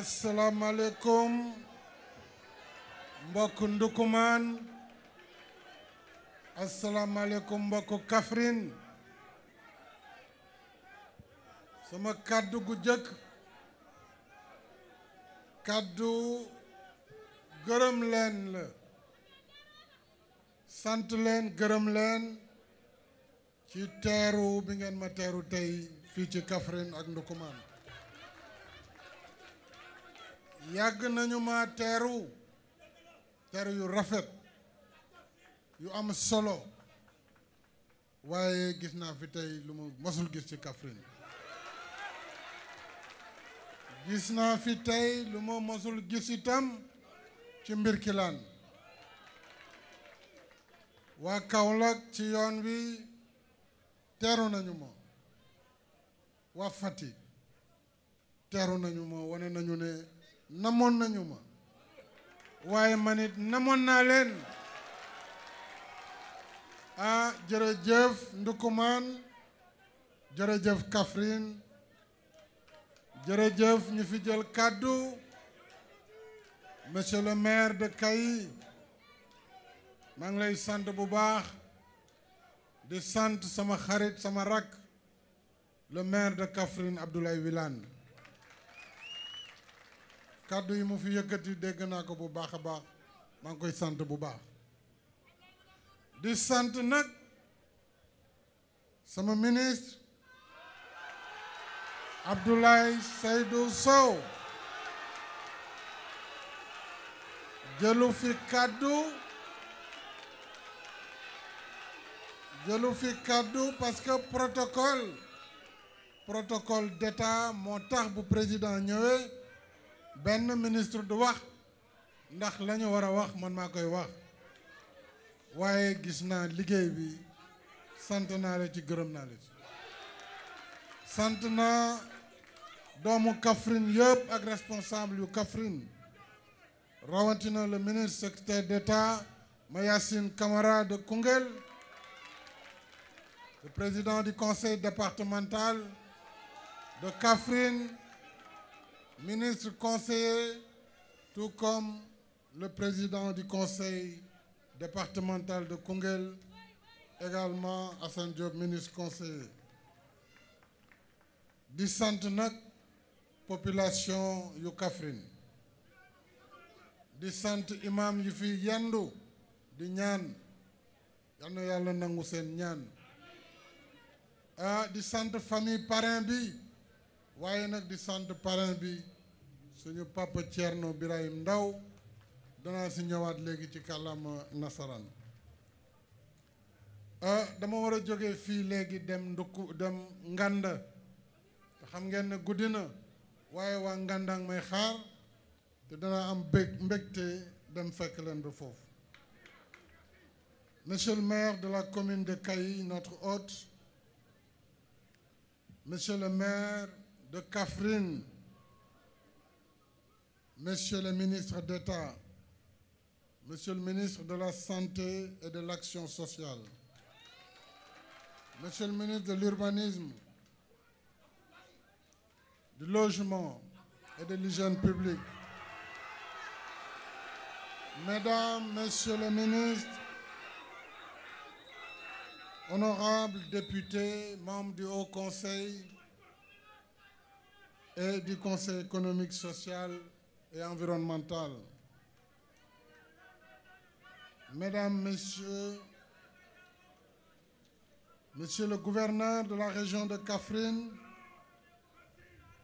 asalaamaaleykum mbokk Ndukumaan asalaamaaleykum mbokk kafrin sama kàddu gu jëkk kàddu gërëm leen la sant leen gërëm leen ci teeru bi ngeen ma teeru tey fii ci kafrin ak Ndukumaan yàgg nañu ma teeru teeru yu rafet yu am solo waaye gis naa fi tey lu mu mosul gis ci kafrin gis naa fi tey lu ma mosul gis itam ci Mbirkilaan waa Kaolack ci yoon wi teeru nañu ma waa Fatick teeru nañu ma wane nañu ne namoon nañu ma waaye man it namoon naa leen ah jërëjëf Ndukumaan jërëjëf Kaffrine jërëjëf ñu fi jël kàddu monsieur le maire de Kayi maa ngi lay sant bu baax di sant sama xarit sama rakk le maire de Kaffrine Abdoulaye Wilane kàddu yi mu fi yëkkati dégg naa ko bu baax a baax maa ngi koy sant bu baax di sant nag sama ministre Abdoulaye Seydou Sow jëlu fi kàddu jëlu fi kàddu parce que protocole protocole d'état moo tax bu président ñëwee benn ministre du wax ndax la ñu war a wax mën maa koy wax waaye gis naa liggéey bi sant naa la ci gërëm naa la ci sant naa doomu Kaffrine yépp ak responsable yu Kaffrine rawatina le ministre secrétaire d'État Mayacine Camara de Koungheul le président du conseil départemental de Kaffrine ministre conseiller, tout comme le président du conseil départemental de Koungheul, également Assane Diop ministre conseiller. di sant nag population yu Kaffrine di sant imam yi fi yendu di ñaan yal na yàlla nangu seen ñaan ah di sant famille parrain bi waaye nag di sant parrain bi suñu papa Thierno Birahim Ndaw danaa si ñëwaat léegi ci kàllaama nasaraan ah, dama war a jóge fii léegi dem ndukku dem Nganda te xam ngeen ne guddi na waaye waa Nganda may xaar te danaa am bég mbégte dem fekk leen ba foofu Monsieur le maire de la commune de Kayi, notre hôte, Monsieur le maire de Kafrine, Monsieur le ministre d'État, Monsieur le ministre de la Santé et de l'Action sociale, Monsieur le ministre de l'Urbanisme, du Logement et de l'Hygiène publique, Mesdames, Messieurs les ministres, honorables députés, membres du Haut Conseil et du Conseil économique, social et environnemental. Mesdames, Messieurs, Monsieur le gouverneur de la région de Kaffrine,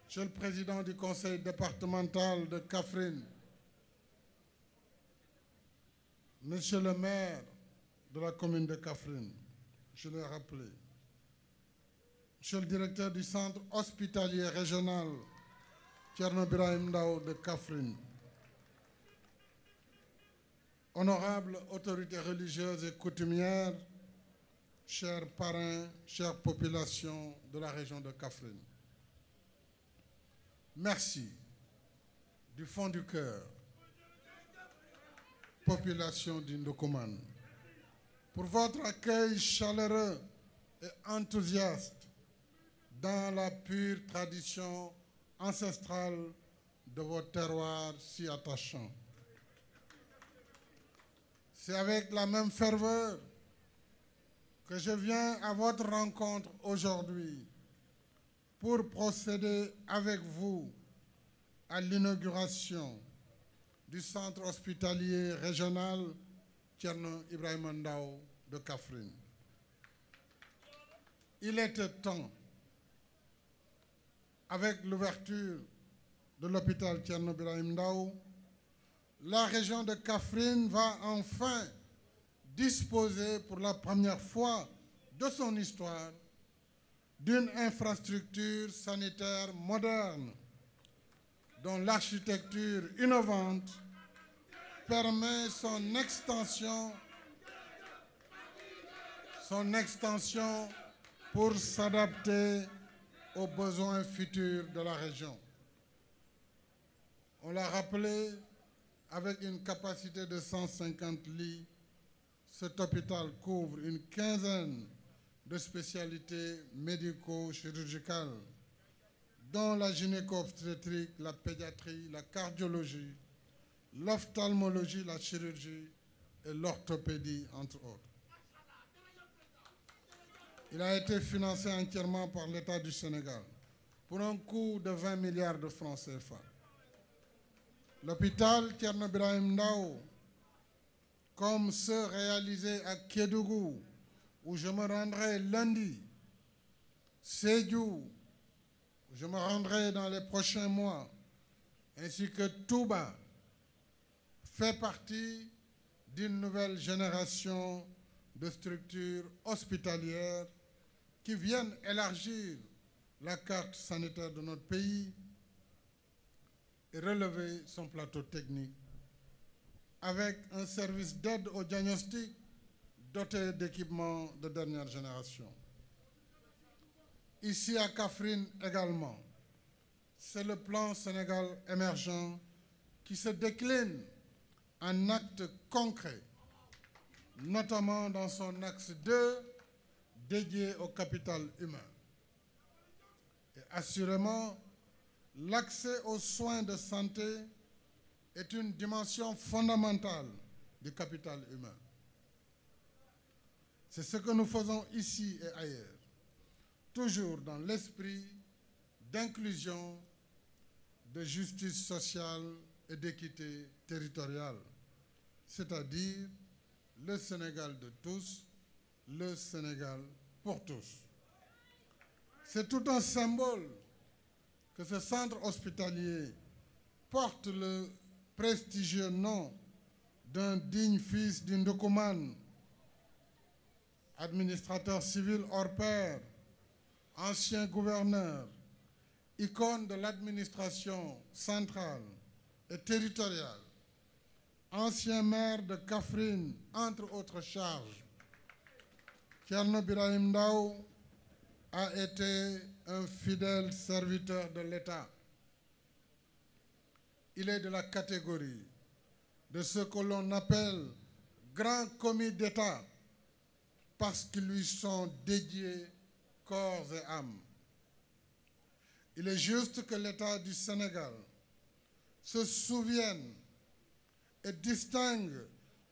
Monsieur le Président du Conseil départemental de Kaffrine, Monsieur le maire de la commune de Kaffrine, je l'ai rappelé, Monsieur le directeur du centre hospitalier régional Thierno Birahim Ndao de Kaffrine. Honorables autorités religieuses et coutumières, chers parrains, chères populations de la région de Kaffrine. Merci du fond du cœur, population du pour votre accueil chaleureux et enthousiaste dans la pure tradition ancestrale de votre terroir si attachant. C'est avec la même ferveur que je viens à votre rencontre aujourd'hui pour procéder avec vous à l'inauguration du centre hospitalier régional Tcherno Ibrahim Ndao de Kafrine. Il était temps avec l'ouverture de l'hôpital Tcherno Birahim Ndao, la région de Kafrine va enfin disposer pour la première fois de son histoire d'une infrastructure sanitaire moderne dont l'architecture innovante permet son extension pour s'adapter aux besoins futurs de la région. On l'a rappelé, avec une capacité de 150 lits, cet hôpital couvre une quinzaine de spécialités médico-chirurgicales, la gynéco la pédiatrie, la cardiologie, l'ophtalmologie, la chirurgie et l'orthopédie, entre autres. Il a été financé entièrement par l'État du Sénégal pour un coût de 20 milliards de francs CFA. L'hôpital Thierno Birahim Ndao, comme ceux réalisés à Kédougou, où je me rendrai lundi, Sédhiou, je me rendrai dans les prochains mois, ainsi que Touba, fait partie d'une nouvelle génération de structures hospitalières qui viennent élargir la carte sanitaire de notre pays et relever son plateau technique avec un service d'aide au diagnostic doté d'équipements de dernière génération. Ici à Kafrine également, c'est le plan Sénégal émergent qui se décline en actes concrets, notamment dans son axe dédié au capital humain. Et assurément, l'accès aux soins de santé est une dimension fondamentale du capital humain. C'est ce que nous faisons ici et ailleurs, toujours dans l'esprit d'inclusion, de justice sociale et d'équité territoriale, c'est-à-dire le Sénégal de tous, le Sénégal pour tous. C'est tout un symbole que ce centre hospitalier porte le prestigieux nom d'un digne fils du Ndokumane, administrateur civil hors pair, ancien gouverneur, icône de l'administration centrale et territoriale, ancien maire de Kafrine, entre autres charges, Tierno Birahim Ndao a été e un fidèle serviteur de l'État. Il est de la catégorie de ce que l'on appelle grand commis d'État parce qu'ils lui sont dédiés corps et âme. Il est juste que l'État du Sénégal se souvienne et distingue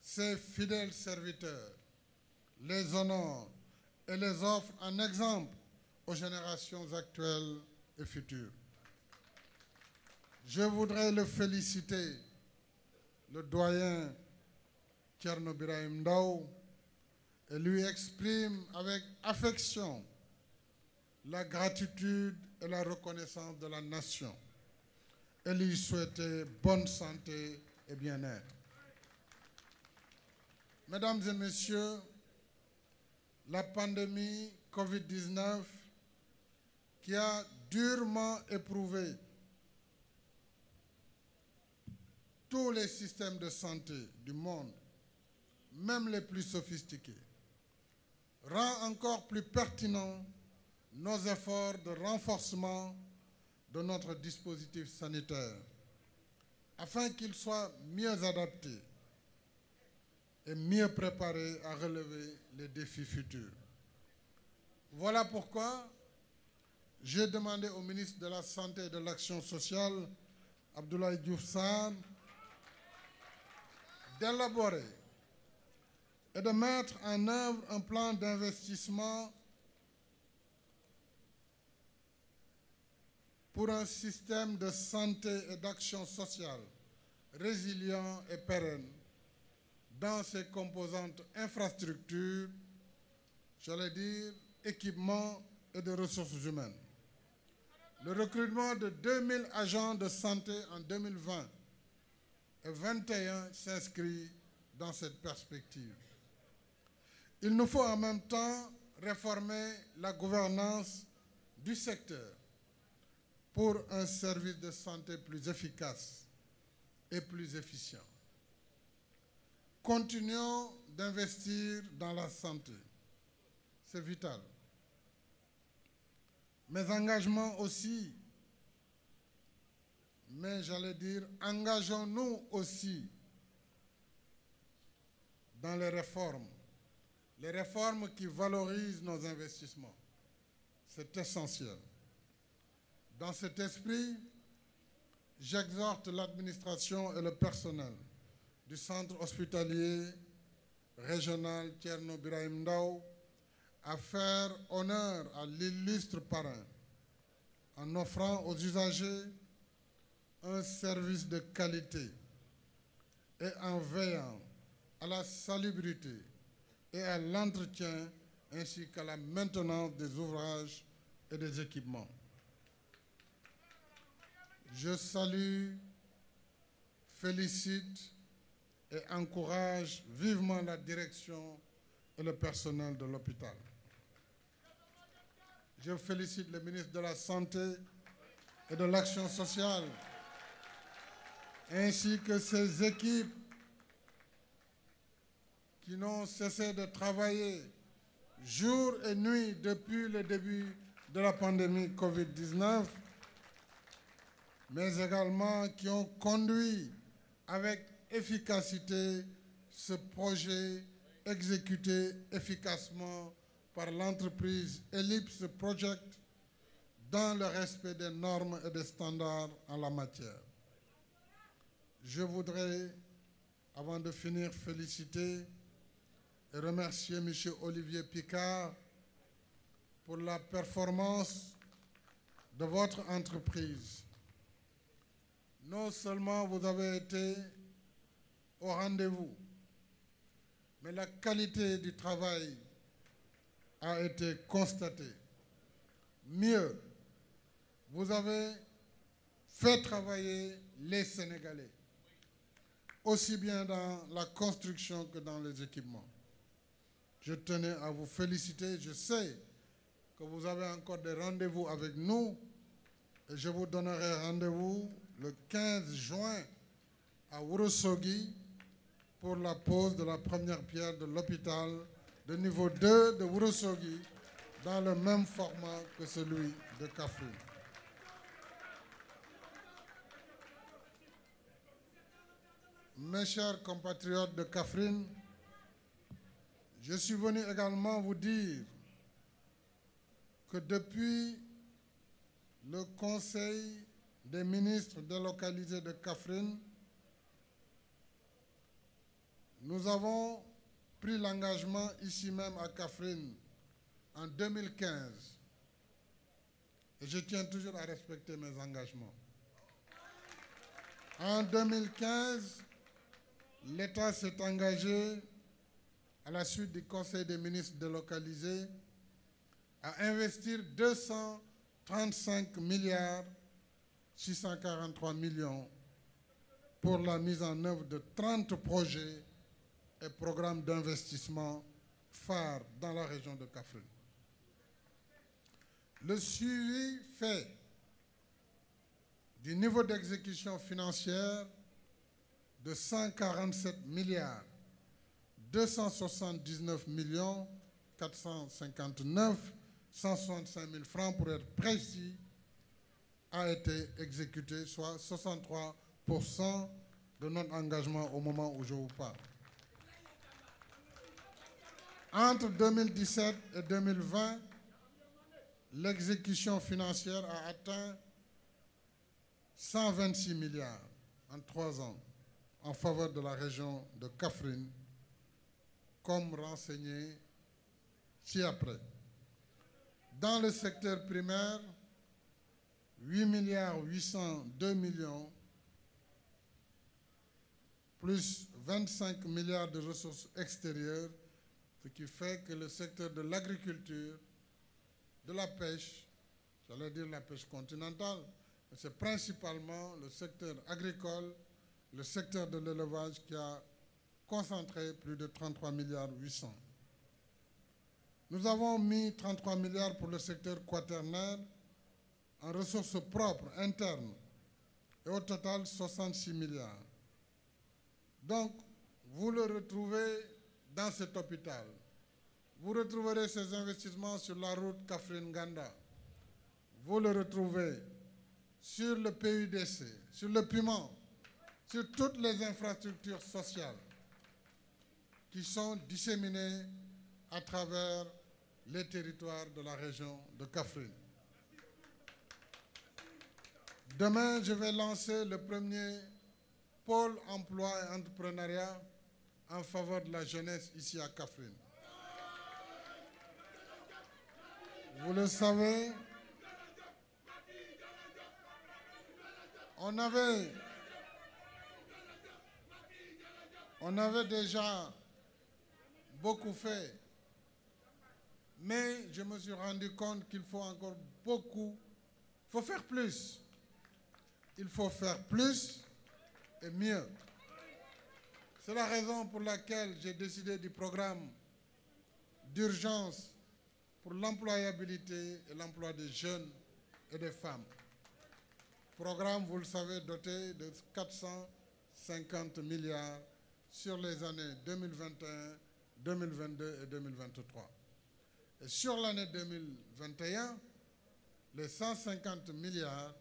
ses fidèles serviteurs les honore et les offre en exemple aux générations actuelles et futures. Je voudrais le féliciter, le doyen Thierno Birahim Ndao, et lui exprime avec affection la gratitude et la reconnaissance de la nation et lui souhaiter bonne santé et bien-être. Mesdames et messieurs, la pandémie Covid-19 qui a durement éprouvé tous les systèmes de santé du même les plus sophistiqués, rend encore plus pertinent nos efforts de renforcement de notre dispositif sanitaire afin qu'il soit mieux adapté et mieux préparés à relever les défis futurs. Voilà pourquoi j'ai demandé au ministre de la Santé et de l'Action sociale, Abdoulaye Diouf Sarr, d'élaborer et de mettre en œuvre un plan d'investissement pour un système de santé et d'action sociale résilient et pérenne dans ses composantes infrastructures, j'allais dire équipements et de ressources humaines. Le recrutement de 2000 agents de santé en 2020 et 21 s'inscrit dans cette perspective. Il nous faut en même temps réformer la gouvernance du secteur pour un service de santé plus efficace et plus efficient. Continuons d'investir dans la santé. C'est vital. Mes engagements aussi, mais j'allais dire, engageons-nous aussi dans les réformes, les réformes qui valorisent nos investissements. C'est essentiel. Dans cet esprit, j'exhorte l'administration et le personnel du centre hospitalier régional Thierno Birahim Ndao à faire honneur à l'illustre parrain en offrant aux usagers un service de qualité et en veillant à la salubrité et à l'entretien ainsi qu'à la maintenance des ouvrages et des équipements. Je salue, félicite et encourage vivement la direction le personnel de l'hôpital. Je félicite le ministre de la Santé de l'Action sociale, ainsi que ses équipes de travailler jour et nuit depuis le début de la pandémie Covid-19, mais également qui efficacité ce projet exécuté efficacement par l'entreprise Ellipse Project dans le respect des normes et des standards en la matière. Je voudrais, avant de finir, féliciter et remercier M. Olivier Picard pour la performance de votre entreprise. Non seulement vous avez été au rendez-vous, mais la qualité du travail a été constatée. Mieux, vous avez fait travailler les Sénégalais, aussi bien dans la construction que dans les équipements. Je tenais à vous féliciter. Je sais que vous avez encore des rendez-vous avec nous et je vous donnerai rendez-vous le juin à Wurosogi pour la pose de la première pierre de l'hôpital de niveau 2 de Wurosogi dans le même format que celui de Kaffrine. Mes chers compatriotes de Kaffrine, je suis venu également vous dire que depuis le Conseil des ministres délocalisés de Kaffrine, Nous avons pris l'engagement ici même à Kaffrine en 2015. Et je tiens toujours à respecter mes engagements. En 2015, l'État s'est engagé, à la suite du Conseil des ministres délocalisé, à investir 235 milliards 643 millions pour la mise en œuvre de 30 projets et programmes d'investissement phares dans la région de Kaffrine. Le suivi fait du niveau d'exécution financière de 147 milliards 279 millions 459 165 000 francs pour être précis a été exécuté, soit 63% de notre engagement au moment où Entre 2017 et 2020, l'exécution financière a atteint 126 milliards en trois ans en faveur de la région de Kaffrine, comme renseigné ci-après. Dans le secteur primaire, 8 milliards 802 millions plus 25 milliards de ressources extérieures ce qui fait le secteur de l'agriculture, de la pêche, j'allais dire la pêche continentale, c'est principalement le secteur agricole, le secteur de l'élevage qui a concentré plus de 33 milliards 800. Nous avons mis 33 milliards pour le secteur quaternaire en ressources propres internes et au total 66 milliards. dans cet hôpital. Vous retrouverez ces investissements sur la route Kafrine-Ganda. Vous le retrouvez sur le PUDC, sur le piment, sur toutes les infrastructures sociales qui sont disséminées à travers les territoires de la région de Kaffrine. Demain, je vais lancer le premier pôle emploi et entrepreneuriat en faveur de la jeunesse ici à Kaffrine. Vous le savez, on avait, on avait déjà beaucoup fait, mais je me suis rendu compte qu'il faut encore beaucoup, plus. faire plus et mieux. C'est la raison pour laquelle j'ai décidé du programme d'urgence pour l'employabilité et des jeunes et des femmes. Programme, vous le savez, doté de 450 milliards sur les années 2021, 2022 et 2023. Et sur l'année 2021, les 150 milliards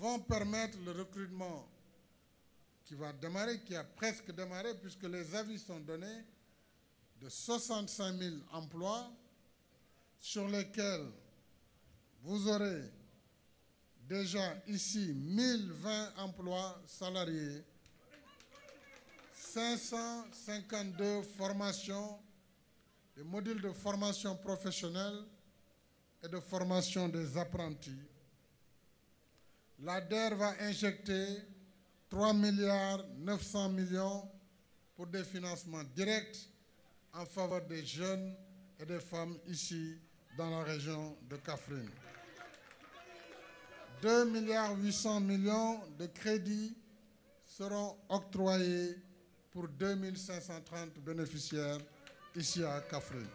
vont permettre le recrutement qui va démarrer, qui a presque démarré, puisque les avis sont donnés de 65 000 emplois sur lesquels vous aurez déjà ici 1020 emplois salariés, 552 formations, des modules de formation professionnelle et de formation des apprentis. 3 milliards 900 millions pour des financements directs en faveur des jeunes et des femmes ici dans la région de Kaffrine. 2 milliards 800 millions de crédits seront octroyés pour 2530 bénéficiaires ici à Kaffrine.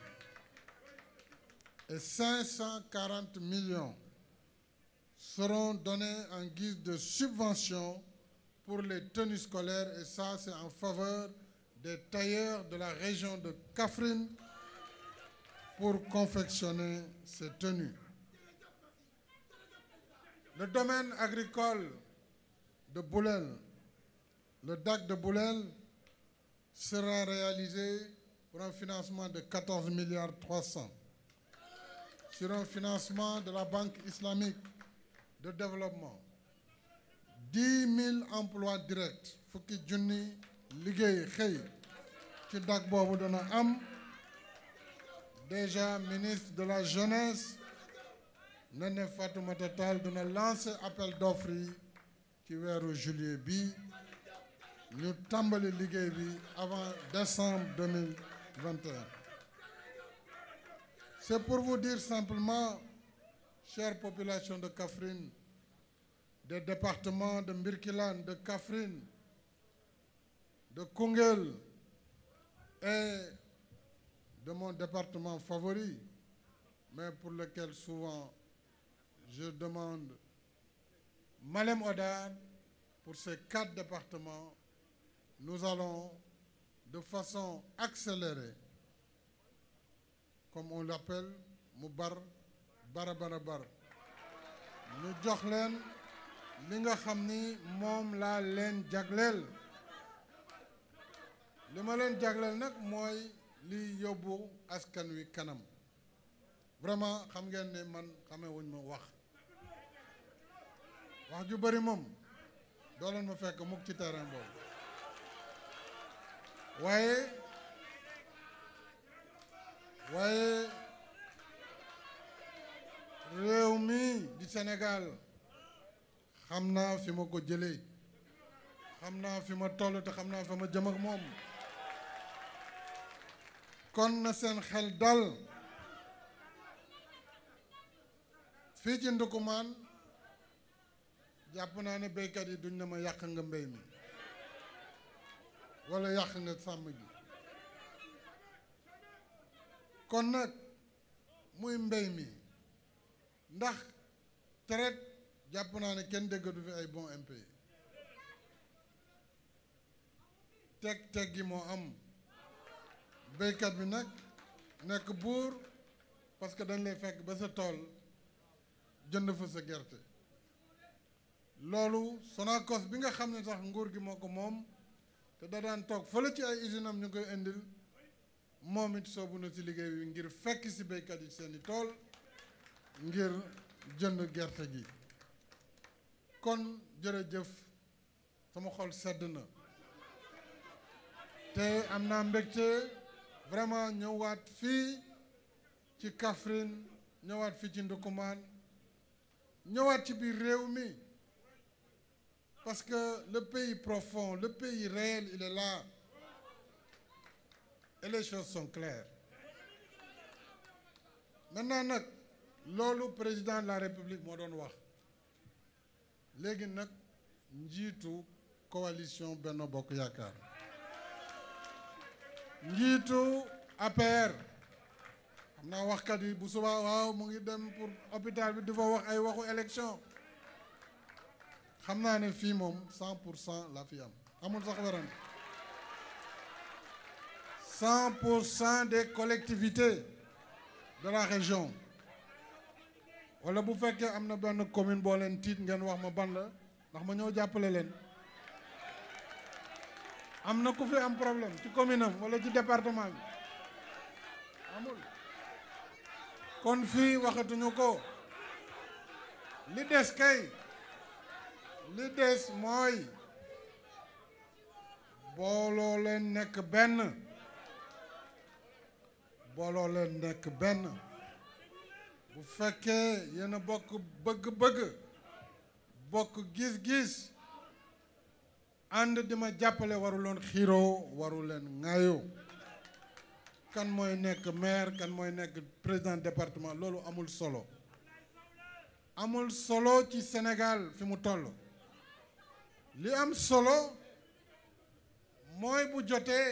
Et 540 millions seront donnés en guise de subvention pour les tenues scolaires et ça en faveur des tailleurs de la région de Kaffrine pour confectionner ces tenues. Le domaine agricole de Boulel, le DAC de Boulel, sera réalisé pour un financement de 14 milliards 300 sur un financement de la Banque islamique de développement dix mille emplois directs fukki junni liggéey xëy ci dag boobu dana am déjà ministre de la jeunesse Néné Fatoumata Tall dina lancer appel d'offres yi ci weeru juillet bi ñu tàmbali liggéey bi avant décembre 2021 c'est pour vous dire simplement chère population de Kaffrine des départements de Mbirkilan, de Kafrine, de Kungel et de mon département favori, mais pour lequel souvent je demande Malem Odar, pour ces quatre départements, nous allons de façon accélérée, comme on l'appelle, mu bar bara bara bar li nga xam ni moom laa leen jagleel li ma leen jagleel nag mooy li yóbbu askan wi kanam vraiment xam ngeen ne man xamee wuñ ma wax wax ju bari moom doo leen ma fekk mukk ci terrain boobu waaye waaye réew mi di Sénégal xam naa fi ma ko jëlee xam naa fi ma toll te xam naa fi ma jëm ak moom kon na seen xel dal fii ci Ndukumaan jàpp naa ne baykat yi duñ ne ma yàq nga mbéy mi wala yàq nga sàmm gi kon nag muy mbéy mi ndax traite jàpp naa ne kenn déggatu fi ay bon MP teg-teg gi moo am béykat bi nag nekk buur parce que dañ lay fekk ba sa tool jënd fa sa gerte loolu Sonacos bi nga xam ne sax nguur gi moo ko moom te da daan toog fële ci ay usine am ñu koy indil moom it soobu na ci liggéey bi ngir fekk si béykat yi seeni tool ngir jënd gerte gi kon jërëjëf sama xol sedd na te am na mbégte vraiment ñëwaat fii ci Kaffrine ñëwaat fii ci Ndoukoumane ñëwaat ci biir réew mi parce que le pays profond le pays réel il est là et les choses sont claires nag loolu président de la République moo doon wax léegi nag njiitu coalition benn Bokk Yaakaar njiitu APR xam naa waxkat yi bu subaa waaw mu ngi dem pour hôpital bi di fa wax ay waxu élection xam naa ni fii moom cent pour cent la fi am amul sax werante des collectivités de la région wala bu fekkee am na benn commune boo leen tiit ngeen wax ma ban la ndax ma ñëw jàppale leen am na ku fi am problème ci commune am wala ci département bi amul kon fii waxatuñu ko li des kay li des mooy booloo leen nekk benn booloo leen nekk benn bu fekkee yéen bokk bëgg-bëgg bokk gis-gis ànd di ma jàppale waru loon xiiroo waru leen ŋaayoo kan mooy nekk maire kan mooy nekk président département loolu amul solo amul solo ci Sénégal fi mu toll li am solo mooy bu jotee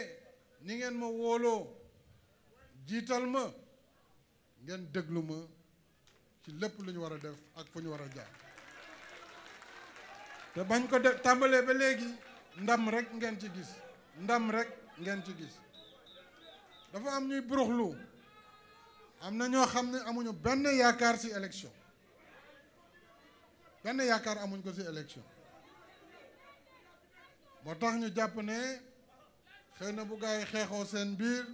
ni ngeen ma wóoloo jiital ma ngeen déglu lépp lu ñu war a def ak fu ñu war a jaar te bañ ko def tàmbalee ba léegi ndam rek ngeen ci gis ndam rek ngeen ci gis dafa am ñuy buruxlu am na ñoo xam ne amuñu benn yaakaar ci élection benn yaakaar amuñ ko ci élection moo tax ñu jàpp ne xëy na bu gaa yi xeexoo seen biir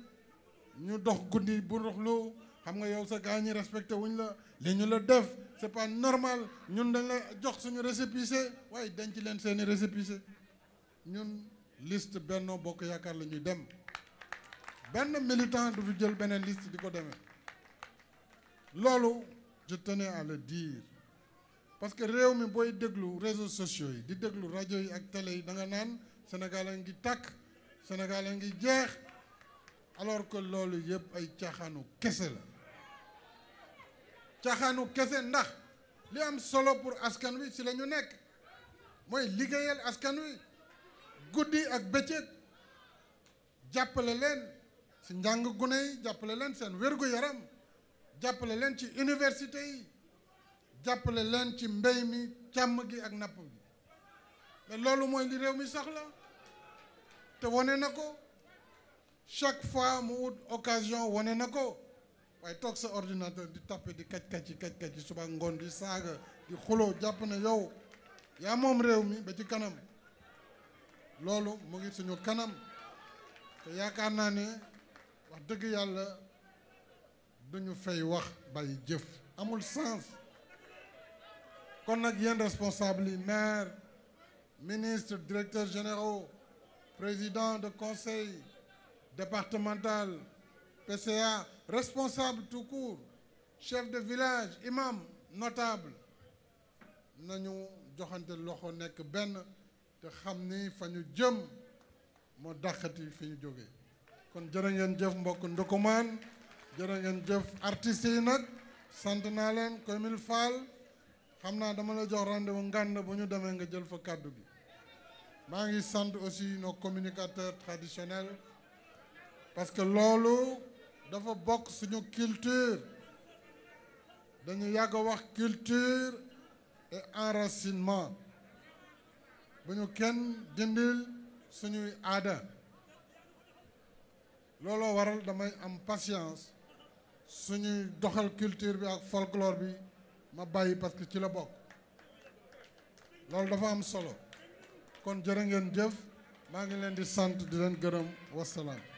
ñu dox guddi buruxlu xam nga yow sa gars ñi respecté wuñ la li la def c'est pas normal ñun dañ la jox suñu récépissé waaye dañ ci leen seeni récépissé ñun liste Benno Bokk Yaakaar la ñuy dem benn militant du fi jël beneen liste di ko demee loolu je tenais à le dire parce que réew mi booy déglu réseau sociaux yi di déglu rajo yi ak télé yi da nga naan Sénégal a ngi tàkk Sénégal a ngi jeex alors que loolu yëpp ay caaxaanu kese la caxaanu kese ndax li am solo pour askan wi ci la ñu nekk mooy liggéeyal askan wi guddi ak bëccëg jàppale leen si njàng gune yi jàppale leen seen wér-gu-yaram jàppale leen ci université yi jàppale leen ci mbéy mi càmm gi ak napp gi mais loolu mooy li réew mi soxla te wane na ko chaque fois mu ut occasion wane na ko waaye toog sa ordinateur di tappe di kaj kaj yi kaj kaj yi suba ngoon di saaga di xuloo jàpp na yow yaa moom réew mi ba ci kanam loolu mu ngi suñu kanam te yaakaar naa ne wax dëgg yàlla duñu fay wax bàyyi jëf amul sens kon nag yéen responsable yi maire ministre directeur généraux président de conseil départemental PCA responsable tout court chef de village imam notable nañu joxante loxo nekk benn te xam ni fa ñu jëm moo dàqati fi ñu jógee kon jërë ngeen jëf mbokk ndukumaan jërë ngeen jëf artistes yi nag sant naa leen Comil Fall xam naa dama la jox rendez-vous ngànd bu ñu demee nga jël fa kàddu gi maa ngi sant aussi nos communicateurs traditionnels parce loolu dafa bokk suñu culture dañu yàgg a wax culture et enracinement bu ñu kenn dindil suñuy aada looloo waral damay am patience suñuy doxal culture bi ak folklore bi ma bàyyi parce que ci la bokk loolu dafa am solo kon jërë ngeen jëf maa ngi leen di sant di leen gërëm wasalaam